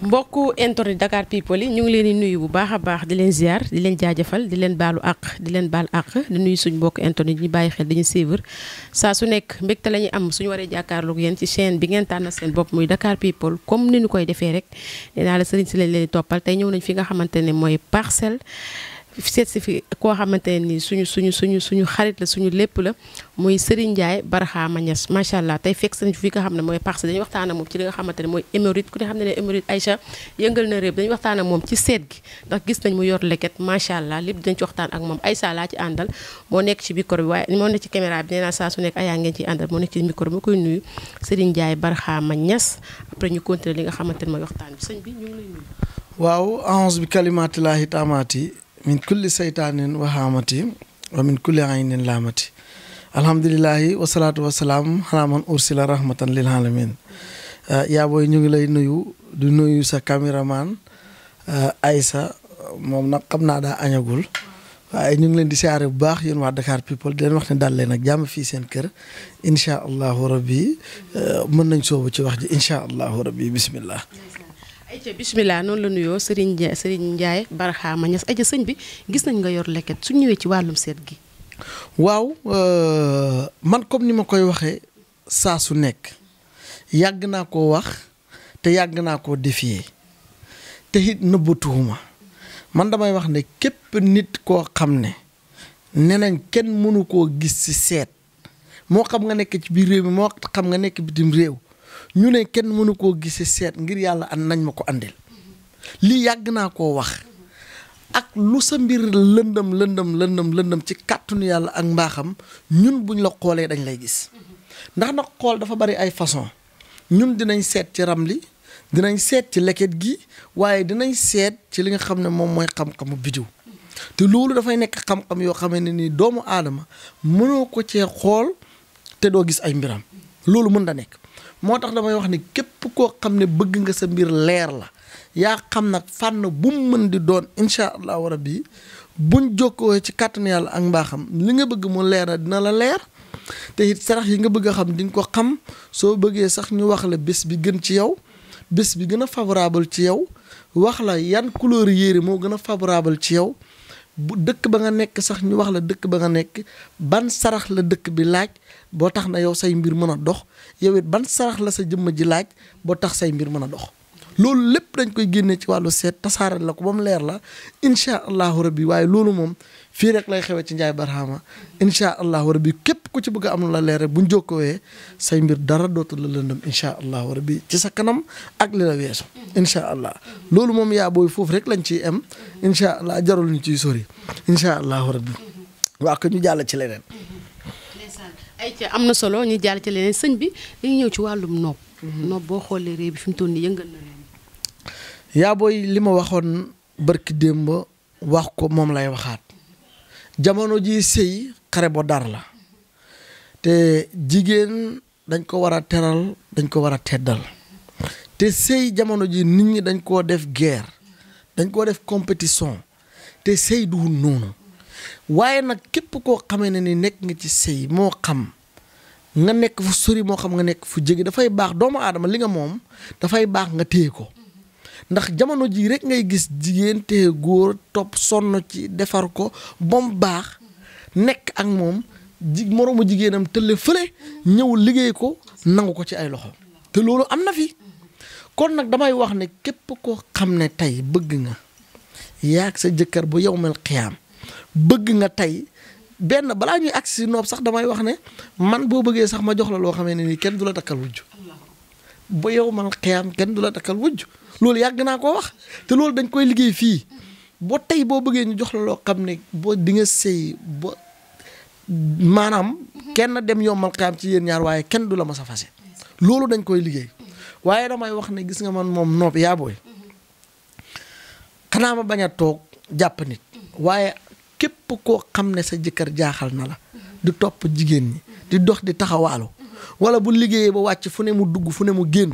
mbokk internet Dakar people yi ñu ngi leen di nuyu bu baax a baax di leen ziar di leen jaajafal di leen baalu àq di leen baal àq di nuyu suñ mbokk internet ñi bàyyi xel dañu suivre saa su nekk mbégte la ñuy am suñu waree jàkkaarloog yéen ci chaîne bi ngeen tànn seen bopp muy Dakar people comme ni ñu koy defee rek nee naa la sëriñ si lañ leen di toppal tey ñëw nañ fi nga xamante ne mooy parcelle. seet si fi koo xamante ne nii suñu suñu suñu suñu xarit la suñu lépp la muy Serigne Ndiaye Barxaama Niass macha allah tey fekk sañ fi nga xam ne mooy parce que dañuy waxtaan ak moom ci li nga xam ne ne moo nekk ci micro bi après ñu continuer li nga xamante ne mooy waxtaan bi sëñ bi ñu ngi nuyu waaw ange bi kalimatillahi taamaati min kulli seytaanin wa haamati wa min kulli aynin laamati alhamdulilahi wasalaatu wasalaam xanaa man ursila rahmatan lil alamin uh, yaa booy ñu ngi lay nuyu di nuyu sa caméraman uh, Aïssa moom nag xam naa daa añagul waaye ñu ngi leen di siyaare bu baax yéen waa Dakar People di leen wax ne daal leen ak jàmm fii seen kër incha allahu rabbi uh, mën nañ soobu ci wax ji incha allahu rabbi bismillah ayca bisimilah noonu la nuyoo Serigne Serigne Ndiaye Barxaama Niass ayca sëñ bi gis nañ nga yor leket su ñëwee ci wàllum seet gi. waaw euh, man comme ni ma koy waxee saa su nekk yàgg naa ko wax te yàgg naa koo défier te it nëbbatuwuma man damay wax ne képp nit koo xam ne nee nañ kenn mënu koo gis ci seet moo xam nga nekk ci biir réew mi moo xam nga nekk bitim réew. ñu ne kenn mënu koo gisee seet ngir yàlla an nañ ma ko àndil lii yàgg naa ko wax ak lu sa mbir lëndëm lëndëm lëndëm lëndëm ci kàttanu yàlla ak mbaaxam ñun buñ la xoolee dañ lay gis ndax nag xool dafa bari ay façon ñun dinañ seet ci ram li dinañ seet ci leket gi waaye dinañ seet ci li nga xam ne moom mooy xam-xamu bidiw te loolu dafay nekk xam-xam yoo xam ne ni doomu aadama mënoo ko cee xool te doo gis ay mbiram loolu mën na nekk moo tax damay wax ni képp koo xam ne bëgg nga sa mbir leer la yaa xam nag fànn bu mu mën di doon incha allahu rabbi buñ jokkoo ci kàttanu yàlla ak mbaaxam li nga bëgg mu leer dina la leer te it sarax yi nga bëgg a xam di nga ko xam soo bëggee sax ñu wax la bés bi gën ci yow bés bi gën a favorable ci yow wax la yan couleurs yére moo gën a favorable ci yow bu dëkk ba nga nekk sax ñu wax la dëkk ba nga nekk ban sarax la dëkk bi laaj boo tax na yow say mbir mën a dox yow it ban sarax la sa jëmm ji laaj boo tax say mbir mën a dox loolu lépp dañ koy génne ci wàllu seet tasaare la ko ba mu leer la incha allahu rabbi waaye loolu moom fii rek lay xewee ci Ndiaye Barhama incha allahu rabbi képp ku ci bugg a am lu la leer bu ñu jokkoowee say mbir dara dootul la lëndëm incha allahu rabbi ci sa kanam ak li la weesu. incha allah loolu moom yaa booy foofu rek lañ ciy am incha allah jarul ñu ciy sori incha allahu rabbi waa ko ñu jàll ci leneen. ay ca na solo ñu jàll ci sëñ bi dañuy ñëw ci wàllum nopp. Mhm. nopp boo xoolee réew bi fi mu toll nii yaa booy li ma waxoon barki démb wax ko moom lay waxaat jamono ji sëy xare bu dar la te jigéen dañ ko war a teral dañ ko war a teddal te sëy jamono ji nit ñi dañ koo def guerre dañ koo def compétition te sëy du noonu waaye nag képp koo xamee ni nekk nga ci sëy moo xam nga nekk fu sori moo xam nga nekk fu jege dafay baax doomu aadama li nga moom dafay baax nga téye ko ndax jamono jii rek ngay gis jigéen te góor topp sonn ci defar ko ba mu baax nekk ak moom ji moroomu jigéenam tëlle fële ñëw liggéey ko nangu ko ci ay loxo te loolu am na fi kon nag damay wax ne képp koo xam ne tey bëgg nga yaag sa jëkkër bu yow yowmal xiyaam bëgg nga tey benn balaa ñuy agsi si noob sax damay wax ne man boo bëggee sax ma jox la loo xamee ni nii kenn du la takkal wujj bu yowmal xiyaam kenn du la takkal wujj loolu yàgg naa koo wax te loolu dañ koy liggéey fii boo tey boo bëggee ñu jox la loo xam ne boo dinga nga sëy ba maanaam kenn dem yombal xaam ci yéen ñaar waaye kenn du la ma sa fase loolu dañ koy liggéey waaye damay wax ne gis nga man moom noob yaa booy xanaa ma bañ a toog jàpp nit waaye képp koo xam ne sa jëkkër jaaxal na la di topp jigéen ñi di dox di taxawaalu wala bu liggéeyee ba wàcc fu ne mu dugg fu ne mu génn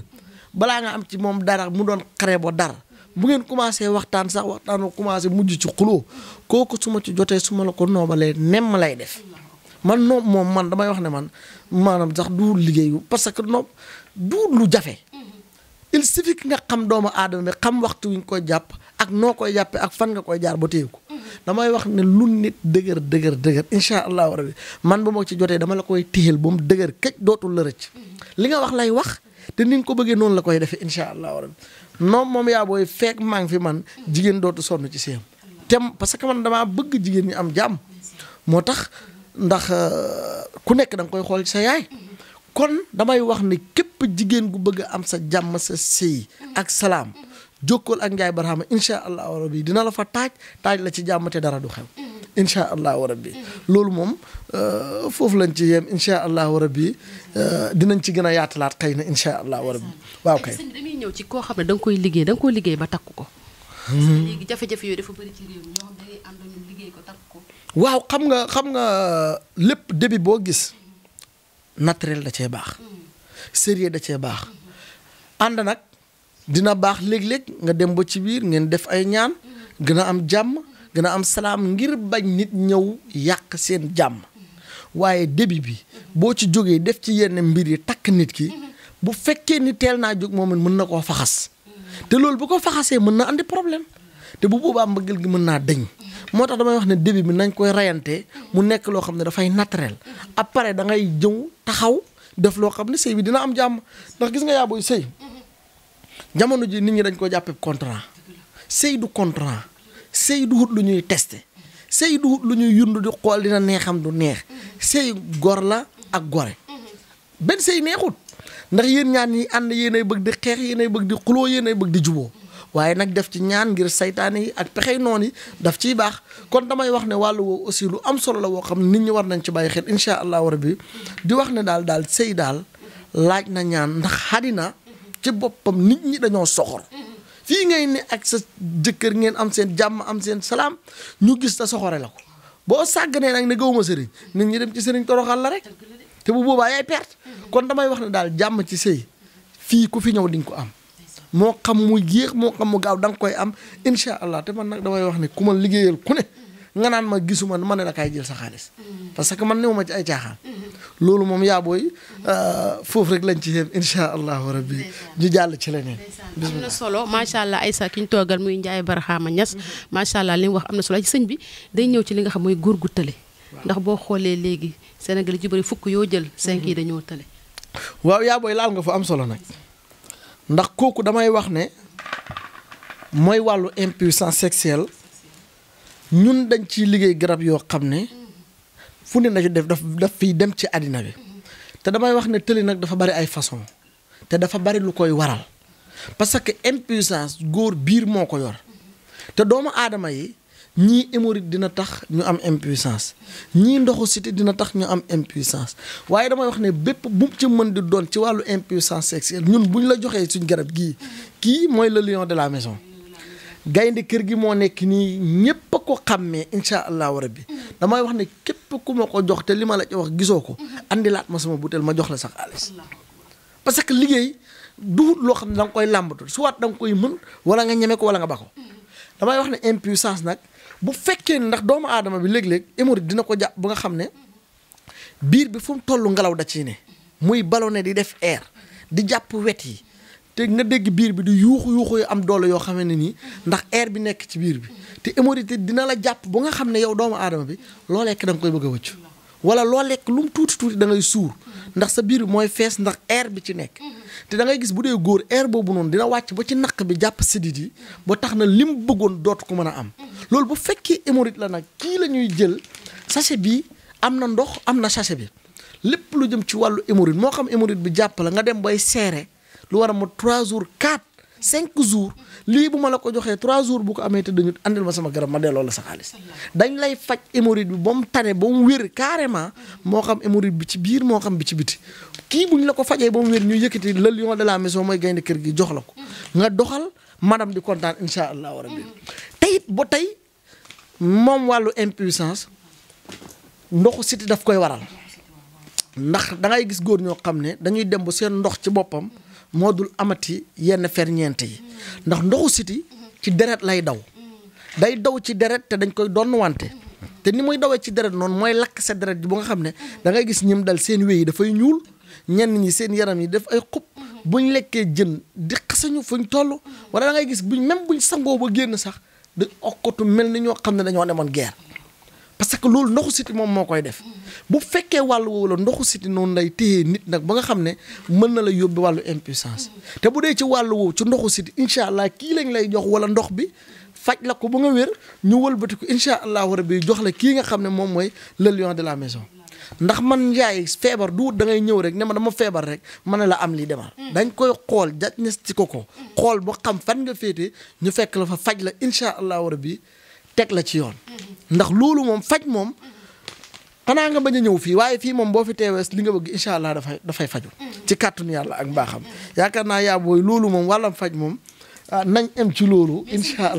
balaa nga am ci moom dara mu doon xare ba dara bu ngeen commencé waxtaan sax waxtaan commencé mujj ci xuloo kooku su ma ci jotee su ma la ko noobalee nem lay def man noob moom man damay wax ne man maanaam sax du liggéeyu parce que noob du lu jafe il suffit nga xam doomu aadama bi xam waxtu wi ñu jàpp ak noo koy jàppee ak fan nga koy jaar ba téye ko damay wax ne lu nit dëgër dëgër dëgër incha allahu man bu ma ci jotee dama la koy téyel ba dëgër këj dootul la rëcc li nga wax lay wax te ni nga ko bëggee noonu la koy defe incha allahu rabbi noom moom yaa booy fekk maa ngi fi man jigéen dootu sonn ci séyam te parce que man damaa bëgg jigéen ñi am jàmm moo tax ndax euh, ku nekk da nga koy xool sa yaay kon damay wax ni képp jigéen gu bëgg am sa jàmm sa séy ak salaam jokkool ak Ndiaye Barhama incha allahu rabbi dina la fa taaj taaj la ci jàmm te dara du xew incha allahu rabbi loolu moom euh, foofu lañ ci yem incha allahu rabbi euh, dinañ ci gën a yaatalaat xëy na incha allahu rabbi waaw kay. ci koo xam ne da nga koy liggéey da koy liggéey ba takk ko. Hmm. léegi jafe-jafe xam ko waaw xam nga xam nga lépp début boo gis naturel da cee baax. Hmm. sérieux da cee baax. ànd nag dina baax léeg-léeg nga dem ba ci biir ngeen def ay ñaan. Hmm. gën a am jàmm. dina am salaam ngir bañ nit ñëw yàq seen jàmm waaye début bi boo ci jógee def ci yenn mbir yi takk nit ki bu fekkee ni teel naa jóg moo it mën na koo faxas te loolu bu ko faxasee mën na andi problème te bu boobaa mbëggeel gi mën naa deñ moo tax damay wax ne début bi nañ koy rayante mu nekk loo xam ne dafay naturel après da ngay jëw taxaw def loo xam ne sëy bi dina am jàmm ndax gis nga yaa booy sëy jamono ji nit ñi dañ ko jàppee contrant sëy du contrat sëy duhut lu ñuy teste sëy duhut lu ñuy yund di xool dina neexam du neex sëy gor la ak gore benn sëy neexut ndax yéen ñaan yi ànd yéenay bëgg di xeex yéenay bëgg di xuloo yéenay bëgg di juboo waaye nag def ci ñaan ngir saytaane yi ak pexey noon yi daf ciy baax kon damay wax ne wàll woowu aussi lu am solo la woo xam nit ñi war nañ ci bàyyi xel incha allahu rabbi di wax ne daal daal sëy daal laaj na ñaan ndax xadina ci boppam nit ñi dañoo soxor fii ngay ni ak sa jëkkër ngeen am seen jàmm am seen salaam ñu gis ta soxore la ko boo sàgganee nag ne gawuma sëriñ nit ñi dem ci sëriñ toroxal la rek te bu boobaa yaay perte kon damay wax ne daal jàmm ci sëy fii ku fi ñëw di ko am moo xam mu yéex moo xam mu gaaw da nga koy am incha allah te man nag damay wax ne ku ma liggéeyal ku ne nga naan ma gisuma man ne la kaay jël sa xaalis. Mm-hmm. parce que man newuma ci ay caaxaan. Mm-hmm. loolu moom yaa booy euh, foofu rek lañ ci yem incha allahu rabbi ñu jàll ci leneen. am na solo macha allah Aïssa ki ñu toogal muy Ndiaye Barhama Niass. Mm-hmm. macha allah li mu wax am na solo ci sëñ bi day ñëw ci li nga xam mooy góor gu tële. ndax boo xoolee léegi Sénégal ji bëri fukk yoo jël. cinq yi dañoo tële. waaw yaa booy laal nga fa am solo nag. ndax kooku damay wax ne mooy wàllu impuissance sexuelle. ñun dañ ci liggéey garab yoo xam ne fu ne nañu def daf daf fiy dem ci àddina bi te damay wax ne tëli nag dafa bari ay façon te dafa bari lu koy waral parce que impuissance góor biir moo ko yor te doomu aadama yi ñii hémorroïde dina tax ñu am impuissance ñii ndoxu siti dina tax ñu am impuissance waaye damay wax ne bépp bu ci mën di doon ci wàllu impuissance sexuelle ñun bu ñu la joxee suñ garab gii kii mooy le lion de la maison gaynde kër gi moo nekk nii ñëpp a ko xàmmee incha allahu rabbi mm-hmm. damay wax ne képp ku ma ko jox te li ma la ci wax gisoo ko mm-hmm. andilaat ma sama butéel ma jox la sax xaalis parce que liggéey duut loo xam ne da nga koy làmbatu soit da nga koy mën wala nga ñeme ko wala nga ba ko mm-hmm. damay wax ne impuissance nag bu fekkee ne ndax doomu aadama bi léeg-léeg émori dina ko jàpp bu nga xam ne biir bi fu mu toll ngelaw da ciy ne muy ne di def air di jàpp wet yi te nga dégg biir bi di yuuxu yuuxu am doole yoo xam ni ndax air bi nekk ci biir bi te hémorroïde dina la jàpp bu nga xam ne yow doomu aadama bi loo lekk da koy bëgg a wëcc wala loo lekk lu mu tuuti tuuti da suur ndax sa biir bi mooy fees ndax air bi ci nekk te da ngay gis bu dee góor air boobu noonu dina wàcc ba ci naq bi jàpp sidit yi ba tax na lim bëggoon dootu ko mën a am loolu bu fekkee hémorroïde la nag kii la ñuy jël sachet bi am na ndox am na sachet bi lépp lu jëm ci wàllu hémorroïde moo xam hémorroïde bi jàpp la nga dem bay seere lu war a mot 3 jours 4 5 jours lii bu ma la ko joxee trois jours bu ko amee te dañu andil ma sama garab ma delloo la sa xaalis dañ lay faj hémorroïde bi ba mu taree ba mu wér carrément moo xam hémorroïde bi ci biir moo xam bi ci biti kii bu ñu la ko fajee ba mu wér ñu yëkkati le lion de la maison mooy gaynde kër gi jox la ko nga doxal madame di kontaan incha allahu rabbi te it ba tey moom wàllu impuissance ndoxu siti daf koy waral ndax da gis góor ñoo xam ne dañuy dem ba seen ndox ci boppam. moo dul amati yenn fer ferñeent yi ndax ndoxu siti ci deret lay daw day daw ci deret te dañ koy donn wante te ni muy dawee ci deret noonu mooy lakk sa deret ji bu nga xam ne dangay gis ñim dal seen wéy yi dafay ñuul ñenn ñi seen yaram yi def ay xub buñ lekkee jën di xasañu fuñ toll wala da ngay gis buñ même buñ sangoo ba génn sax di okkatu mel ni ñoo xam ne dañoo demoon geer parce que loolu ndoxu siti moom moo koy def bu fekkee wàllu woowu la ndoxu siti noonu lay téyee nit nag ba nga xam ne mën na la yóbbu wàllu impuissance te bu dee ci wàllu woowu ci ndoxu siti incha allah kii lañ lay jox wala ndox bi faj la ko ba nga wér ñu walbati ko incha allahu rabbi jox la kii nga xam ne moom mooy le lion de la maison ndax man njaay feebar duut da ngay ñëw rek ne ma dama feebar rek mën ne la am lii demal mm. dañ koy xool diagnostique ko ko mm. xool ba xam fan nga féete ñu fekk la fa faj la incha allahu rabbi teg la ci yoon ndax loolu moom faj moom xanaa nga bañ a ñëw fii waaye fii moom boo fi teewees li nga bëgg incha allah dafay dafay faju ci kàttanu yàlla ak mbaaxam yaakaar naa yaa booy loolu moom wàllam faj moom ah, nañ am ci loolu incha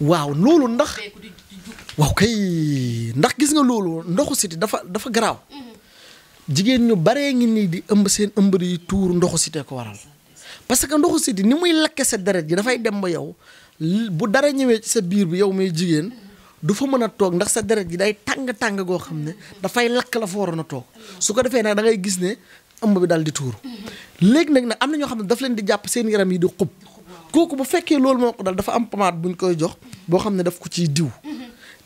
waaw loolu ndax waaw kay ndax gis nga loolu ndoxu siti dafa dafa garaaw jigéen ñu baree ngi nii di ëmb seen ëmbër yi tuur ndoxu site ko waral parce que ndoxu siti ni muy lakke sa deret ji dafay dem ba yow bu dara ñëwee ci sa biir bi yow may jigéen du fa mën a toog ndax sa deret gi day tàng-tàng goo xam ne dafay lakk la fa waroon toog su ko defee nag da ngay gis ne ëmb bi daal di tuuru léegi nag nag am na ñoo xam ne daf leen di jàpp seen yaram yi di xub kooku bu fekkee loolu moo ko dal dafa am pommade buñ koy jox boo xam ne daf ko ciy diw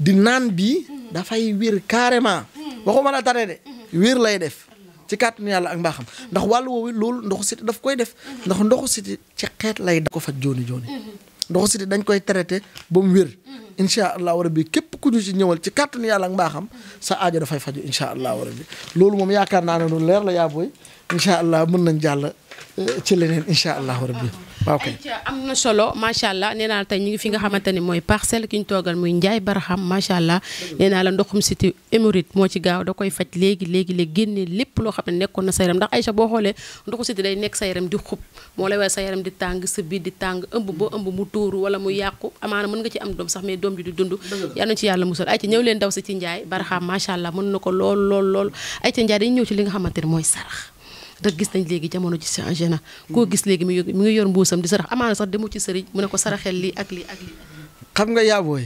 di naan bii dafay wér carrément waxuma la tare de wér lay def ci kàttanu yàlla ak mbaaxam ndax wàll woowu loolu ndoxu siti daf koy def ndax ndoxu siti ci xeet lay da ko faj jooni jooni ndoxu dañ koy traité ba mu wér. incha allahu rabi képp ku ñu ci ñëwal ci kàttanu yàlla ak mbaaxam sa aajo dafay faju incha allahu rabi loolu moom yaakaar naa ne lu leer la yaa booy incha allah mën nañ jàll eh, ci leneen incha allahu rabi. ok am na solo macha allah nee naa la tey ñu ngi fi nga xamante ni mooy parcelle ki ñu toogal muy Ndiaye Barham macha allah neenaa la ndoxum siti hémorroïde moo ci gaaw da koy faj léegi léegi léegi génne lépp loo xam ne nekkoon na sa yaram ndax Aïcha boo xoolee ndoxu siti day nekk sa yaram di xub moo lay waye sa yaram di tàng sa biir di tàng ëmb boo ëmb mu tuuru wala mu yàqu amaana mën nga ci am doom sax mais doom ji du dund yàlla ci yàlla musal Aïcha ñëw leen daw si ci Ndiaye Barham macha allah mën na ko lool lool lool Aïcha Ndiaye ci li nga xamante ni mooy sarax ndax gis nañ léegi jamono ci changé na koo gis léegi mu ngi yor mbuusam di sarax amaana sax demu ci sëriñ mu ne ko saraxel lii ak lii ak lii xam nga yaabooy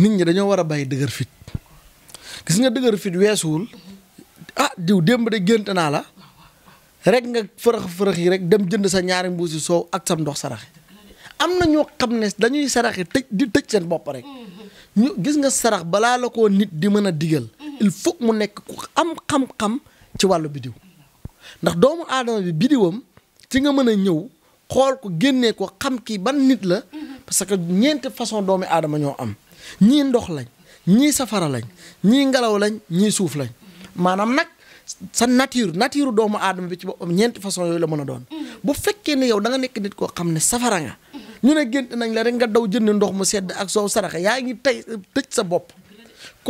nit ñi dañoo war a bàyyi dëgër fit gis nga dëgër fit weesuwul ah diw démb de gént naa la rek nga fërëx fërëx yi rek dem jënd sa ñaari mbuusi soow ak sam ndox saraxe am na ñoo xam ne dañuy saraxe tëj di tëj seen bopp rek ñu gis nga sarax balaa la ko nit di mën a digal il faut mu nekk am xam ci wàllu bidiw ndax doomu aadama bi bidiwam ci nga mën a ñëw xool ko génnee ko xam kii ban nit la parce que ñeenti façon doomi aadama ñoo am ñii ndox lañ ñii safara lañ ñii ngelaw lañ ñii suuf lañ maanaam nag sa nature nature doomu aadama bi ci bopp ñeenti façon yooyu la mën a doon bu fekkee ne yow danga nekk nit koo xam ne safara nga ñu ne gént nañ la rek nga daw jënd ndox mu sedd ak soow saraxa yaa ngi tey tëj sa bopp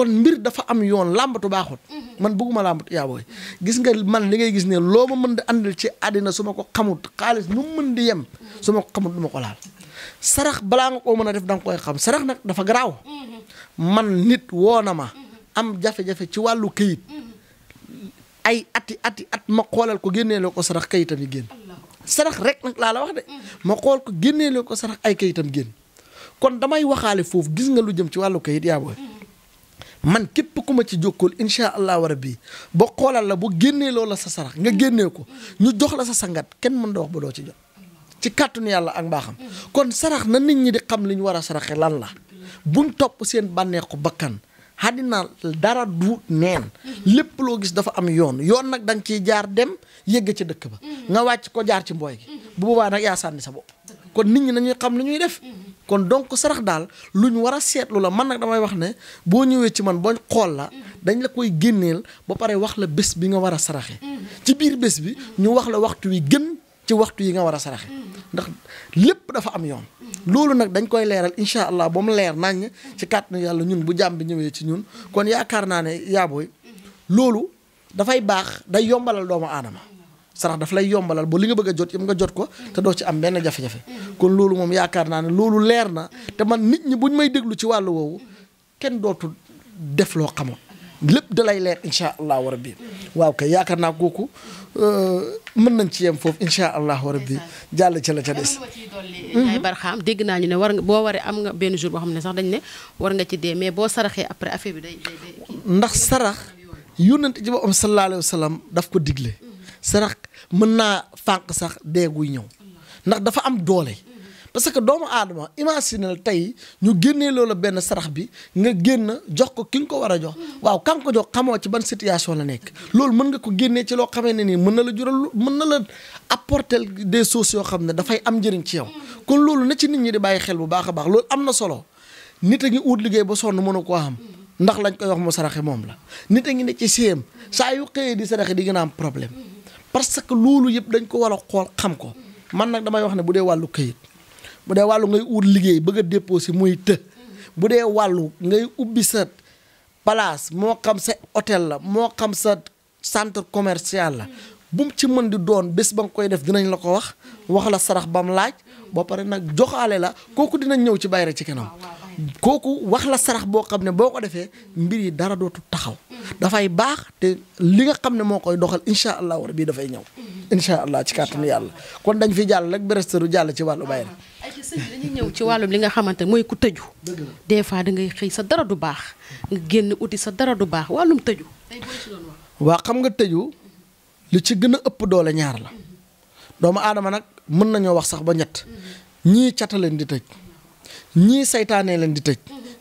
kon mbir dafa am yoon làmbatu baaxut. Mm-hmm. man bëgguma làmbatu yaa booy gis nga man li ngay gis ne loo ma mën di àndal ci àddina su ko xamut xaalis nu mën di yem. Mm-hmm. su ma ko ko laal. balaa nga koo mën a def da nga xam sarax nag dafa garaaw. Mm-hmm. nit woo na ma. am jafe ci wàllu kayit. ay ati ati at ma xoolal ko génneeloo ko sarax kayitam yi génn. rek nag wax de. ma xool ko génneeloo ko sarax ay kayitam génn. kon damay waxaale foofu gis nga lu jëm ci wàllu kayit yaa man képp ku ma ci jokkool incha allahu rabbi ba xoolal la bu génnee la sa sarax nga génnee ko ñu jox la sa sangat kenn mën da wax ba doo ci jox ci kàttanu yàlla ak mbaaxam kon sarax na nit ñi di xam li ñu war a saraxe lan la buñ topp seen bànneexu bakkan xaddina dara du neen lépp loo gis dafa am yoon yoon nag da nga ciy jaar dem yëgg ci dëkk ba nga wàcc ko jaar ci mbooy gi bu boobaa nag yaa sànni sa bopp kon nit ñi nañuy xam li ñuy def kon donc sarax daal lu ñu war a seetlu la man nag damay wax ne boo ñëwee ci man boo xool la dañ la koy génneel ba pare wax la bés bi nga war a saraxe ci biir bés bi ñu wax la waxtu wi gën ci waxtu yi nga war a saraxe ndax lépp dafa am yoon loolu nag dañ koy leeral incha allah ba mu leer naññ ci kàttanu yàlla ñun bu jàmm bi ñëwee ci ñun kon yaakaar naa ne yaabooy loolu dafay baax day yombalal doomu aadama sarax daf lay yombalal boo li nga bëgg a jot yëpp nga jot ko te doo ci am benn jafe-jafe kon loolu moom yaakaar naa ne loolu leer na te man nit ñi bu ñu may déglu ci wàllu woowu kenn dootu def loo xamoon lépp da leer incha allahu rabbi waaw kay yaakaar naa kooku euh, mën nañ ci yem foofu incha allahu rabbi jàll ci la ca des. ay dégg naa ñu ne war nga boo waree am nga benn jour boo xam ne sax dañ ne war nga ci dee mais boo saraxee après affaire bi day. ndax sarax yónnante ci boppam sallallahu alayhi wa sallam daf ko digle. sarax mën naa fànq sax dee guy ñëw ndax dafa am doole parce que doomu aadama imaginel tey ñu génnee loolu benn sarax bi nga génn jox ko ki nga ko war a jox waaw kan ko jox xamoo ci ban situation la nekk loolu mën nga ko génnee ci loo xamee ni mën na la jural mën na la apporter des choses yoo xam ne dafay am njëriñ ci yow kon loolu na ci nit ñi di bàyyi xel bu baax a baax loolu am na solo nit a ngi ut liggéey ba sonn mënu koo am ndax lañ koy wax mu saraxe moom la nit ngi ne ci séem saa yu xëyee di saraxe di gën a am problème parce que loolu yëpp dañ ko war a xool xam ko man nag damay wax ne bu dee wàllu këyit bu dee wàllu ngay ut liggéey bëgg a déposé muy të bu dee wàllu ngay ubbi sa place moo xam sa hôtel la moo xam sa centre commercial la bu ci mën di doon bés ba nga koy def dinañ la ko wax wax la sarax ba mu laaj ba pare nag joxaale la kooku dinañ ñëw ci rek ci kanam kooku wax la sarax boo xam ne boo ko defee mbir yi dara dootu taxaw dafay baax te li nga xam ne moo koy doxal incha allah war bii dafay ñëw incha allah ci kàttanu yàlla kon dañ fi jàll rek beresteru jàll ci wàllu bayra ah, ay ci ñëw ci wàllum li nga xamante ne mooy ku tëju des fois da ngay xëy sa dara du baax nga génn uti sa dara du baax wàllum tëju waa xam nga tëju li ci gën a ëpp doole ñaar la mm-hmm. doomu aadama nag mën nañoo wax sax ba ñett mm-hmm. ñii cata di tëj ñii seytaanee leen di tëj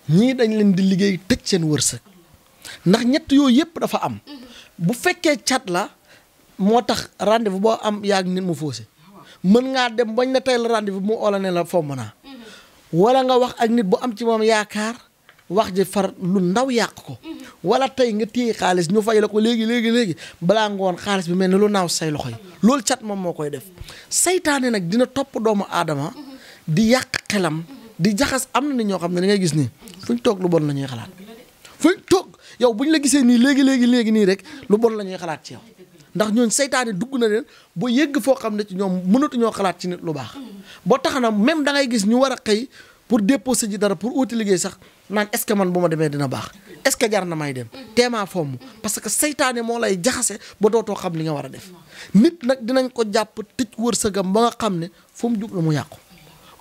ñii dañ leen di liggéey tëj seen wërsëg ndax ñett yooyu yëpp dafa am bu fekkee cat la moo tax rendez-vous boo am yaag nit mu foose mën ngaa dem bañ ne tey la rendez-vous mu oola ne la fomm naa wala nga wax ak nit bu am ci moom yaakaar wax ji far lu ndaw yàq ko wala tey nga téye xaalis ñu fay la ko léegi léegi léegi balaa ngoon xaalis bi mel ne lu naaw say loxo yi loolu cat moom moo koy def seytaane nag dina topp doomu aadama di yàq xelam di jaxas am na ni ñoo xam ne da ngay gis ni fuñ toog lu bon la ñuy xalaat fuñ toog yow ñu la gisee nii léegi léegi léegi nii rek lu bon la ñuy xalaat ci yow ndax ñooñ seytaane dugg na leen ba yëgg foo xam ne ci ñoom mënatuñoo xalaat ci nit lu baax boo tax na même da ngay gis ñu war a xëy pour déposer ji dara pour uuti liggéey sax naan est-ce que man bu ma demee dina baax est-ce que jar na may dem teemaa fomm parce que seytaane moo lay jaxase ba dootoo xam li nga war a def nit nag dinañ ko jàpp tëj wërsëgam ba nga xam ne fu mu mu yàqu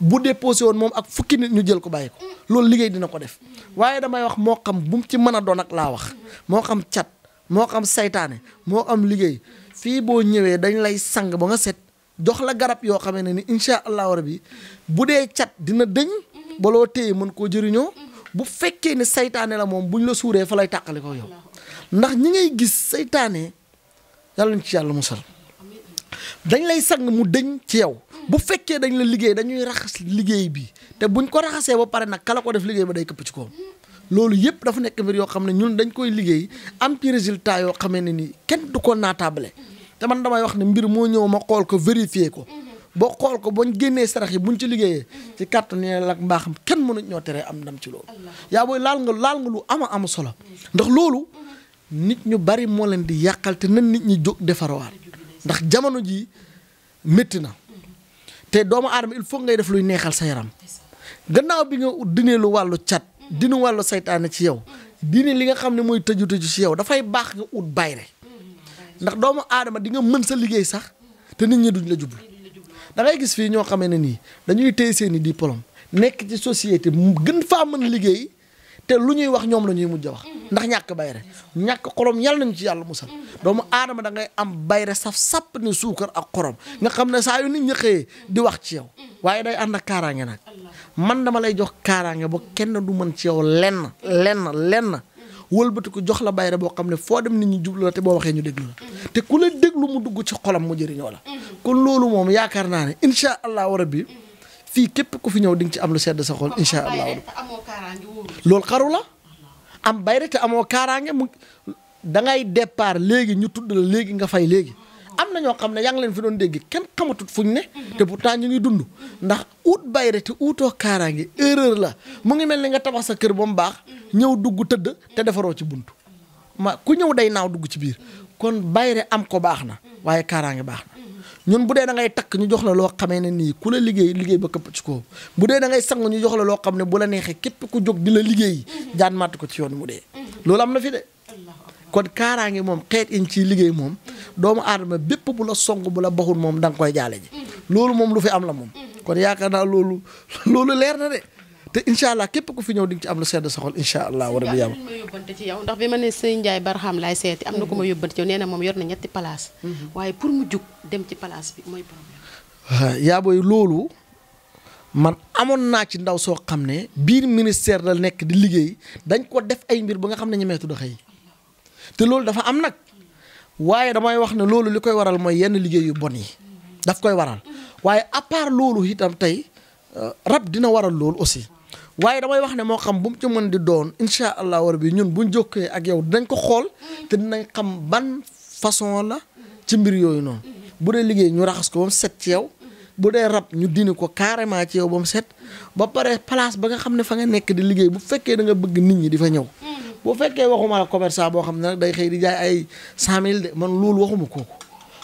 bu déposé woon moom ak fukki nit ñu jël ko bàyyi ko loolu dina ko def waaye damay wax moo xam bu mu ci mën a doon laa wax moo xam cat moo xam saytaane moo am liggéey fii boo ñëwee dañ lay sang ba nga set jox la garab yoo xamee ni incha allahu rabi bu dee cat dina dëñ ba loo mën koo jëriñoo bu fekkee ne seytaane la moom buñ la suuree fa lay tàqali ko yow ndax ñi ngay gis seytaane yàlla ñu ci yàlla musal dañ lay sang mu dëñ ci yow bu fekkee dañ la liggéey dañuy raxas liggéey bi te buñ ko raxasee ba pare nag kala ko def liggéey ba day këpp ci koom loolu yëpp dafa nekk mbir yoo xam ne ñun dañ koy liggéey am ci résultat yoo xamee ne nii kenn du ko naataable te damay wax ne mbir moo ñëw ma xool ko vérifier ko boo xool ko bañ génnee sarax yi buñ ci liggéeyee ci kàttanu Yàlla ak mbaaxam kenn mënu ñoo teree am ndam ci loolu yaa booy laal nga laal nga lu ama am solo ndax loolu nit ñu bari moo leen di yàqal te nan nit ñi jóg defarwaat ndax jamono jii métti na te doomu aadama il faut ngay def luy neexal sa yaram gannaaw bi nga ut dinee lu wàllu cat dinu wàllu seytaane ci yow dini li nga xam ne mooy tëju tëju ci yow dafay baax nga ut bayre ndax doomu aadama di nga mën sa liggéey sax te nit ñi duñ la jublu dangay gis fii ñoo xamee ne nii dañuy téye seen i diplôme nekk ci société gën faa mën liggéey te lu ñuy wax ñoom la ñuy mujj a wax. ndax ñàkk bayre ñàkk xorom na nañ ci yàlla musal doomu aadama da ngay am bayre saf sàpp ni suukar ak xorom nga xam ne saa yu nit ñi xëyee di wax ci yow waaye day ànd ak kaaraange nag man dama lay jox kaaraange ba kenn du man ci yow lenn lenn lenn wëlbati ko jox la bayre boo xam ne foo dem nit ñi jublu la te boo waxee ñu déglu la te ku la déglu mu dugg ci xolam mu jëriñoo la kon loolu moom yaakaar naa ne allah allahu rabbi fii képp ku fi ñëw di nga ci am lu sedd sa xol incha allahu rabbi am bayre te amoo kaaraange mu dangay ngay léegi ñu tudd la léegi nga fay léegi am na ñoo xam ne yaa ngi leen fi doon dégg kenn xamatut fuñ ne te bu pourtant ñu ngi dund ndax ut bayre te uutoo kaaraange erreur la mu ngi mel ni nga tabax sa kër ba mu baax ñëw dugg tëdd te defaroo ci buntu ma ku ñëw day naaw dugg ci biir kon bayre am ko baax na waaye kaaraange baax na ñun bu dee dangay takk ñu jox la loo xamee ne nii ku la liggéey liggéey ba këpp ci ko bu dee da ngay sang ñu jox la loo xam ne bu la neexee képp ku jóg di la liggéey jaan màtt ko ci yoon mu dee loolu am na fi de kon kaaraange moom xeet in ciy liggéey moom doomu aadama bépp bu la song bu la baxul moom danga koy jaale ji loolu moom lu fi am la moom kon yaakaar naa loolu loolu leer na de te incha allah képp ku fi ñëw di nga ci am lu sedd sa xol incha allah war a di yàlla ma yóbbante ci yow bi ma ne sëñ am na ko ma mhm. yóbbante ci yow nee na moom mhm. waaye pour mu jug dem ci place bi mooy problème ah, loolu man amoon naa ci ndaw soo xam ne biir ministère la nekk di liggéey dañ ko def ay mbir bu nga xam ne ñemeetu da xëy te loolu dafa am nag waaye damay wax ne loolu li koy waral mooy yenn liggéeyu bon yi daf koy waral mhm. waaye à loolu itam tey euh, rab dina waral loolu aussi waaye damay wax ne moo xam bu mu ci man di doon incha allah bi ñun bu buñ jokkee ak yow dinañ ko xool te dinañ xam ban façon la ci mbir yooyu noonu bu dee liggéey ñu raxas ko ba mu set ci yow bu dee rab ñu dini ko carrément ci yow ba mu set ba pare place ba nga xam ne fa nga nekk di liggéey bu fekkee da nga bëgg nit ñi di fa ñëw. Mm. bu fekkee waxuma la commerçant boo xam ne nag day xëy di jaay ay 100000 de man loolu waxuma kooku.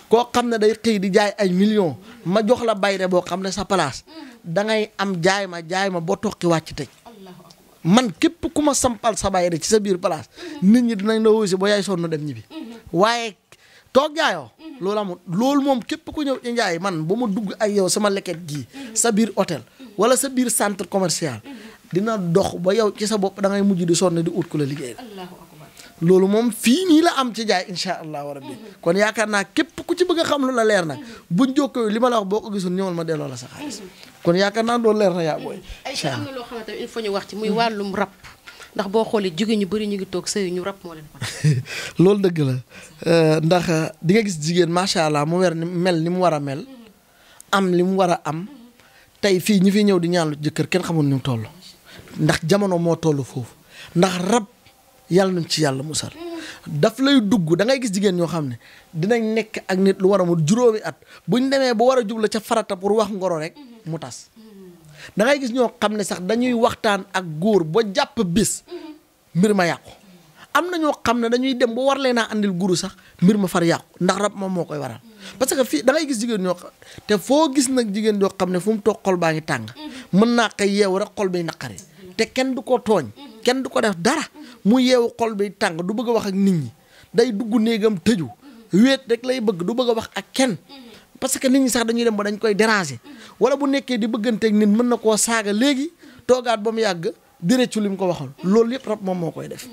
koo xam ne day xëy di jaay ay millions ma jox la bayre boo xam ne sa place mm-hmm. da ngay am jaay ma jaay ma boo toqi wàcc tëj man képp ku ma sampal sa bayre ci sa biir place mm-hmm. nit ñi dinañ ne wóosi ba yaay sonn dem ñibbi mm-hmm. waaye toog jaayoo loolu amul loolu moom képp ku ñëw ci njaay man bu ma dugg ak yow sama leket gii sa biir hôtel wala sa biir centre commercial dina dox ba yow ci sa bopp da ngay mujj di sonn di ut ku la liggéey loolu moom fii nii la am ci jaay war a rabbi kon yaakaar naa képp ku ci bëgg a xam lu la leer nag buñ jokkoo li ma la wax boo ko gisoon ñëwal ma delloo la sa kon yaakaar naa loolu leer na yaa booy. incha allah loo xamante il faut ñu wax ci muy wàllum rab ndax boo xoolee jigéen ñu bëri ñu ngi toog sëy ñu rab moo loolu dëgg la euh, ndax euh, di nga gis jigéen macha allah mu weer ni mel ni mu war a mel am li mu war a am tey fii ñi fi ñëw di ñaan lu jëkkër kenn xamul ni mu toll ndax jamono moo toll foofu ndax rab yàlla nañ ci yàlla musal daf lay dugg dangay gis jigéen ñoo xam ne dinañ nekk ak nit lu war a mu juróomi at buñ demee bu war a jubla ca farata pour wax ngoro rek mu tas da gis ñoo xam ne sax dañuy waxtaan ak góor ba jàpp bis mbir ma yàqu am na ñoo xam ne dañuy dem ba war leen a andil guru sax mbir ma far yàqu ndax rab moom moo koy waral parce que fii dangay gis jigéen ñoo xam te foo gis nag jigéen ñoo xam ne fu mu toog xol baa ngi tàng mën naa koy yeewu rek xol bi naqari te kenn du ko tooñ kenn du ko def dara mu yeewu xol bi tàng du bëgg a wax ak nit ñi day dugg néegam tëju wéet rek lay bëgg du bëgg a wax ak kenn parce que nit ñi sax dañuy dem ba dañ koy déranger wala bu nekkee di bëgganteeg nit mën na koo saaga léegi toogaat ba mu yàgg dire ci li mu ko waxoon loolu yëpp rab moom moo koy def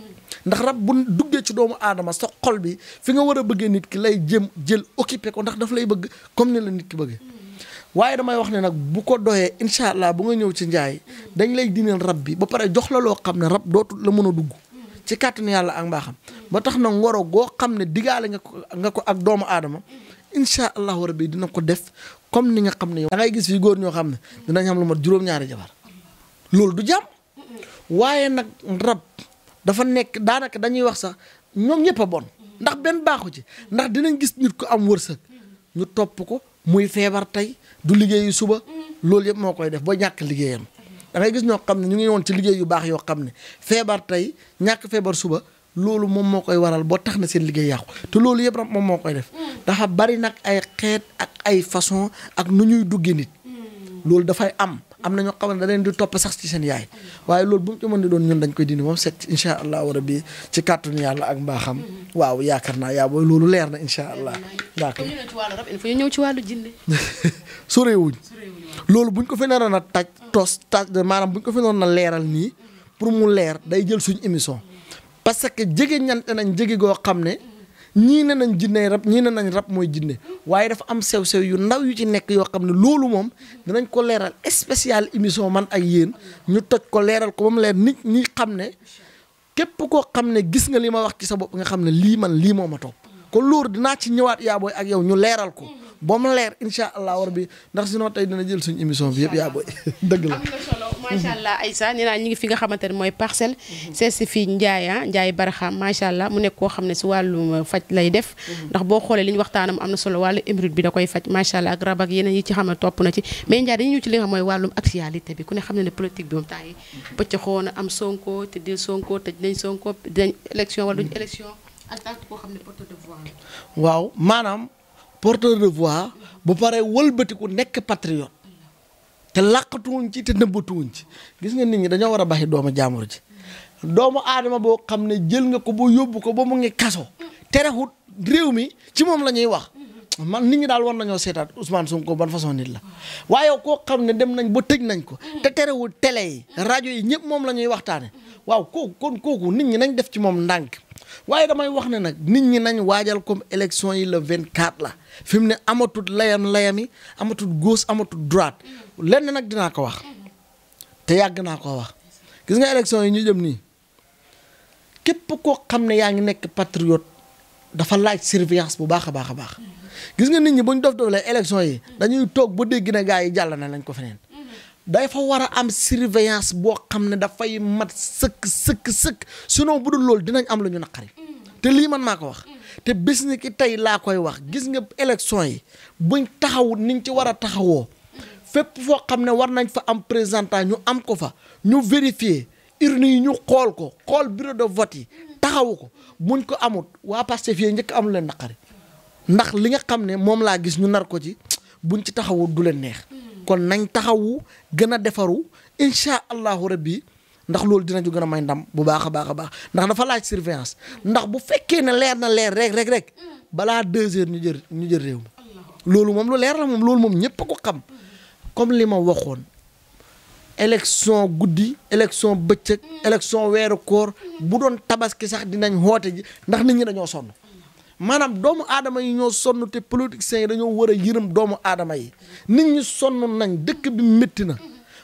ndax rab bu duggee ci doomu aadama sa xol bi fi nga war a bëggee nit ki lay jëm jël occupé ko ndax daf lay bëgg comme ni la nit ki bëggee waaye damay wax ne nag bu ko doyee incha allah bu nga ñëw ci njaay dañ lay dineel rab bi ba pare jox la loo xam ne rab dootul la mën a dugg ci kàttanu yàlla ak mbaaxam ba tax na ngoro goo xam ne digaale nga ko nga ko ak doomu aadama incha allahu rabbi dina ko def comme ni nga xam ne yow. da gis fi góor ñoo xam ne dinañ am lu mat juróom-ñaari jabar loolu du jàmm waaye nag rab dafa nekk daanaka dañuy wax sax ñoom ñëpp a bon ndax benn baaxu ci ndax dinañ gis nit ku am wërsëg ñu topp ko muy feebar tey du liggéeyu suba loolu yëpp moo koy def ba ñàkk liggéeyam da gis ñoo xam ne ñu ngi woon ci liggéey yu baax yoo xam ne feebar tey ñàkk feebar suba loolu moom moo koy waral boo tax na seen liggéey yàqu te loolu yëpp moom moo koy def mm. dafa bari nag ay xeet ak ay façon ak nu ñuy dugge nit mm. loolu dafay am am na ñoo xam ne da di topp sax ci seen yaay waaye loolu bu mu ci di doon ñun dañ koy dindi moom set incha a rabi ci kàttanu yàlla ak mbaaxam. waaw yaakaar naa yaa booy loolu leer na incha allah. d'accord fa ñëw ci wàllu jinne. sorewuñ loolu buñ ko fi naroon a taj tos taj maanaam buñ ko fi naroon a leeral nii pour mu leer day jël suñu émission parce que jege ñante nañ jege goo xam ne ñii ne nañ jinne rab ñii ne nañ rab mooy jinne waaye dafa am sew-sew yu ndaw yu ci nekk yoo xam ne loolu moom dinañ ko leeral spécial émission man ak yéen ñu toj ko leeral ko ba mu leer nit ñi xam ne képp koo xam ne gis nga li ma wax ci sa bopp nga xam ne lii man lii moo ma topp ko loolu dinaa ci ñëwaat yaa booy ak yow ñu leeral ko ba mu leer incha allah war bi ndax sinon tey dina jël suñu émission bi yëpp yaa booy dëgg la am na solo macha allah naa ñu ngi fi nga xamante ne mooy parcelle mhm. seet si fii Ndiaye ah, Ndiaye Barxam macha allah mu nekk koo xam ne si wàllu euh, faj lay def mhm. ndax boo xoolee li ñu waxtaanam am na solo wàllu émirut bi da koy faj macha allah ak rab ak yeneen yi ci xam ne topp na ci mais Ndiaye dañuy ñëw ci li nga mooy wàllum actualité bi ku ne xam ne ne politique bi moom temps yi am Sonko te dil Sonko te dinañ Sonko dinañ élection wala duñ élection ak tant koo xam porteur de bu paree wëlbatiku nekk patriote te làqatuwuñ ci te nëbbatuwuñ ci gis nga nit ñi dañoo war a baxi doomu jaamur ci doomu aadama boo xam ne jël nga ko ba yóbbu ko ba mu ngi kaso terexut réew mi ci moom la ñuy wax man nit ñi daal war nañoo seetaat Ousmane Sonko ban façon nit la waaye koo xam ne dem nañ ba tëj nañ ko te terewul télé yi rajo yi ñëpp moom la ñuy waxtaane waaw kooku kon kooku nit ñi nañ def ci moom ndànk waaye damay wax ne nag nit ñi nañ waajal comme élection yi le 24 la fi mu ne amatut layam layami amatut gauche amatut droite lenn nag dinaa ko wax te yàgg naa ko wax gis nga élection yi ñu jëm nii képp koo xam ne yaa ngi nekk patriote dafa laaj surveillance bu baax a baax a baax gis nga nit ñi buñ dof dof la élection yi dañuy toog ba dégg ne gaa yi jàll na lañ ko feneen dafa war a am surveillance boo xam ne dafay mat sëkk sëkk sëkk sinon bu loolu dinañ am lu ñu naqari te lii man maa ko wax te bis ni ki tey laa koy wax gis nga élection yi buñ taxawut niñ ci war a taxawoo fépp foo xam ne war nañ fa am présentant ñu am ko fa ñu vérifier urne yi ñu xool ko xool bureau de vote yi taxawu ko buñ ko amut waa Pastef yi njëkk am lu leen naqari ndax li nga xam ne moom laa gis ñu nar ko ci buñ ci taxawut du leen neex kon nañ taxawu gën a defaru incha allahu rabbi ndax loolu ñu gën a may ndam bu baax a baax a baax ndax dafa laaj surveillance ndax bu fekkee ne leer na leer rek rek rek balaa deux heures ñu jël ñu jël réew mi loolu moom lu leer la moom loolu moom ñëpp a ko xam comme li ma waxoon élection guddi élection bëccëg élection weeru koor bu doon tabaski sax dinañ xoote ji ndax nit ñi dañoo sonn maanaam doomu aadama yi ñoo sonn te politiciens yi dañoo war a yërëm doomu aadama yi nit ñi sonn nañ dëkk bi métti na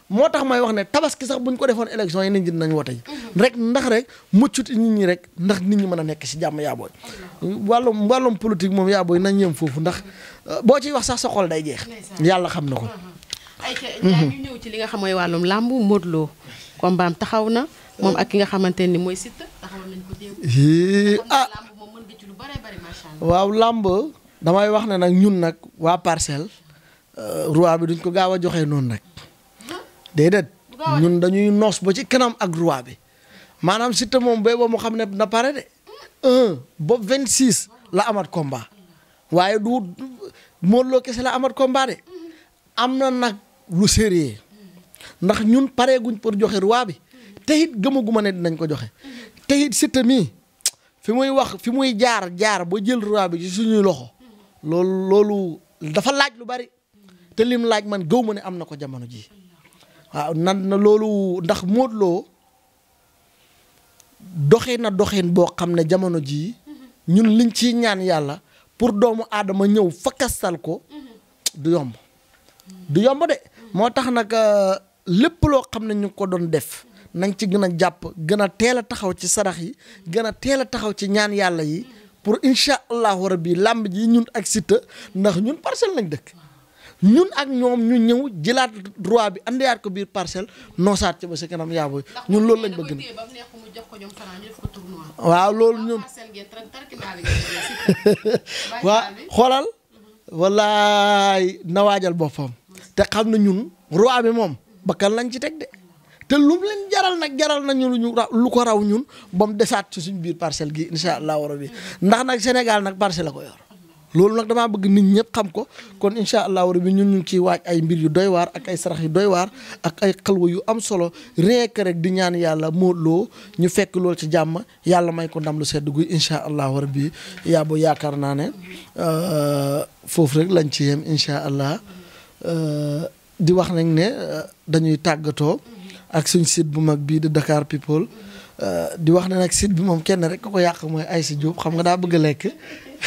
moo tax may wax ne tabaski sax buñ ñu ko defoon élection yi nit ñi dinañ wote rek ndax rek muccut nit ñi rek ndax nit ñi mën a nekk si jàmm yaabooy wàllum wàllum politique moom yaabooy nañ yem foofu ndax euh, boo ciy wax sax sa xol day jeex yàlla xam na ko ay ñu ñëw ci li nga xam mooy wàllum làmb Modou Lo combat taxaw na moom ak ki nga xamante ni mooy Siteu waaw làmb damay wax ne nag ñun nag waa parcelle euh, roi bi duñ ko gaaw a joxe noonu nag déedéet ñun dañuy noos ba ci kanam ak roi bi maanaam Siteu moom béy ba mu xam ne na pare de un ba vingt six la amat komba waaye du mooloo Lo kese la amat combat de am na nag lu sérieux ndax ñun pareeguñ pour joxe ruwaa bi te it gëmaguma ne dinañ ko joxe te it Siteu mii fi muy wax fi muy jaar jaar ba jël roi bi ci suñuy loxo loolu loolu dafa laaj lu bari te lim laaj man gëw ma ne am na ko jamono jii waaw nan na loolu ndax mootloo Lo doxee na doxeen boo xam ne jamono jii ñun liñ ciy ñaan yàlla pour doomu aadama ñëw fakastal ko du yomb du yomb de moo tax nag euh, lépp loo xam ne ñu ko doon def na nga ci gën a jàpp gën a teel a taxaw ci sarax yi gën a teel a taxaw ci ñaan yàlla yi pour incha allahu rabbi làmb ji ñun ak Siteu ndax ñun parcelle lañ dëkk ñun ak ñoom ñu ñëw jëlaat droit bi andiwaat ko biir parcelle noosaat ci ba sa kanam yaa booy ñun loolu lañ bëgg na waaw loolu ñun waaw xoolal wallaay na waajal boppam te xam na ñun roi bi moom bakkan lañ ci teg de te lu leen jaral nag jaral nañu lu ñu lu ko raw ñun ba mu desaat ci suñ biir parcelle gi incha allahu rabi ndax nag Sénégal nag parcelle la ko loolu nag damaa bëgg nit ñëpp xam ko kon incha allahu rabi ñun ñu ngi ciy waaj ay mbir yu doy waar ak ay sarax yu doy waar ak ay xalwa yu am solo rien que di ñaan yàlla móotloo ñu fekk loolu ci jàmm yàlla may ko lu sedd guy incha allahu rabi yaa bo yaakaar naa ne euh, foofu rek lañ ci yem incha allah euh, di wax nañ ne euh, dañuy tàggatoo. ak suñ site bu mag bii di Dakar People euh, di wax na nag site bi moom kenn rek ku ko yàq mooy Aïssa Diop xam nga daa bëgg a lekk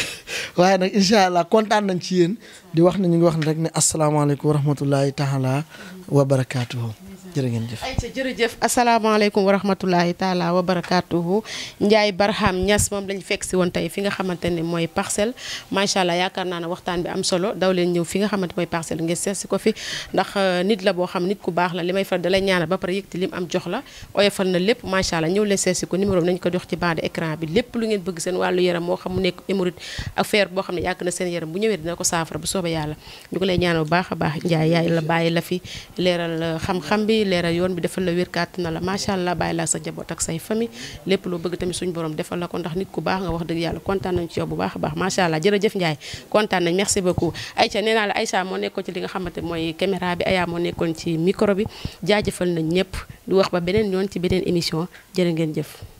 waaye nag incha allah kontaan nañ ci yéen di wax ne ñu ngi wax ne rek ne asalaamaaleykum wa rahmatullahi taala wa barakaatuhu jërë ngeen jëf ayca jërëjëf asalaamaaleykum wa rahmatulahi taala wa barakaatuhu Ndiaye Barham Niass moom lañu fekk si woon tey fi nga xamante ne mooy parcelle macha allah yaakaar naa ne waxtaan bi am solo daw leen ñëw fi nga xamante mooy parcelle ngeen seet si ko fi euh, la boo xam ku baax la li may faral dalay ñaanal ba pare yëkkati lim jox la oyofal na lépp macha allah ñëw leen seet si ko numéro nañu ko jox ci bande écran bi lépp lu ngeen bëgg seen wàllu yaram moo xam mu nekk hémorroïde ak feer boo xam ne yàgg na seen yaram bu ñëwee dina ko saafara bu soobee yàlla ñu ko lay ñaanal bu baax a baax Ndiaye yaay la bàyyi euh, xam liggéey leeral yoon bi defal la wér kàttan na la macha allah bàyyi laa sa njaboot ak say famille lépp loo bëgg tamit suñu borom defal la ko ndax nit ku baax nga wax dëgg yàlla kontaan nañ ci yow bu baax a baax macha allah jërëjëf Ndiaye kontaan nañ merci beaucoup Aïcha nee naa la Aïcha moo nekkoon ci li nga xamante mooy caméra bi Aya moo nekkoon ci micro bi jaajëfal nañ ñëpp di wax ba beneen yoon ci beneen émission jërë ngeen jëf